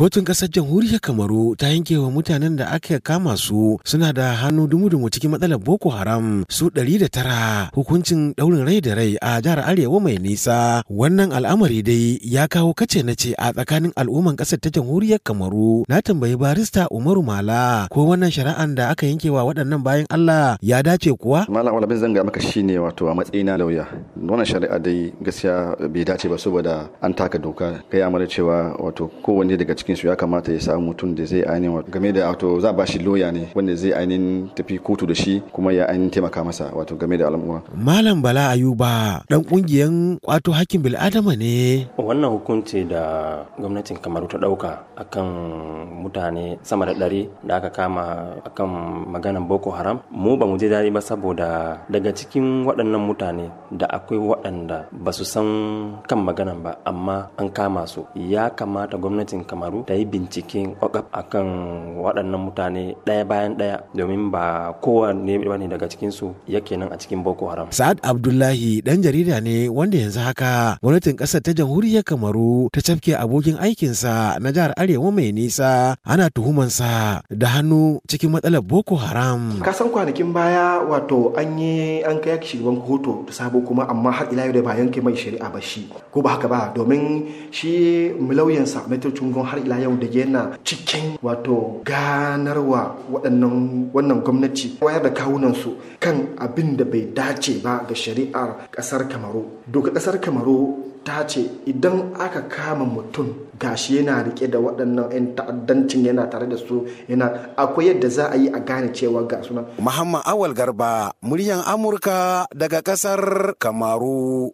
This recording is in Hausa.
Kotun ƙasar jamhuriyar Kamaru ta yanke wa mutanen da aka kama su suna da hannu dumu-dumu cikin matsalar Boko Haram su ɗari da tara hukuncin ɗaurin rai da rai a jihar Arewa mai nisa. Wannan al'amari dai ya kawo kace na ce a tsakanin al'umman ƙasar ta jamhuriyar Kamaru. Na tambayi barista Umaru Mala ko wannan shari'an da aka yanke wa waɗannan bayan Allah ya dace kuwa? Malam wala zan zanga maka shine wato a matsayina lauya wannan shari'a dai gaskiya bai dace ba saboda an taka doka kai amara cewa wato kowanne daga cikin su ya kamata ya samu mutum da zai ainihin game da wato za ba shi loya ne wanda zai ainihin tafi kotu da shi kuma ya ainihin taimaka masa wato game da al'umma. Malam Bala Ayuba dan kungiyan kwato hakkin bil'adama ne. Wannan hukunci da gwamnatin Kamaru ta dauka akan mutane sama da ɗari da aka kama akan maganan Boko Haram mu ba mu je dadi ba saboda daga cikin waɗannan mutane da akwai akwai waɗanda ba su san kan maganan ba amma an kama su ya kamata gwamnatin kamaru ta yi binciken a kan waɗannan mutane ɗaya bayan ɗaya domin ba kowanne ba ne daga cikinsu yake nan a cikin boko haram sa'ad abdullahi ɗan jarida ne wanda yanzu haka gwamnatin ƙasar ta jamhuriyar kamaru ta cafke abokin aikinsa na jihar arewa mai nisa ana tuhumansa da hannu cikin matsalar boko haram kasan kwanakin baya wato an yi an kai shugaban hoto da sabo kuma amma amma har ila yau da ba yanke mai shari'a ba shi ko ba haka ba domin shi sa metro cungon har ila yau da yana cikin wato ganarwa waɗannan wannan gwamnati wayar da kawunan su kan abin da bai dace ba ga shari'ar ƙasar kamaru doka kasar kamaru ta ce idan aka kama mutum gashi yana rike da waɗannan 'yan ta'addancin yana tare da su yana akwai yadda za a yi a gane cewa ga suna. Muhammad Awal Garba, muryan Amurka daga ƙasar Kamaru. faru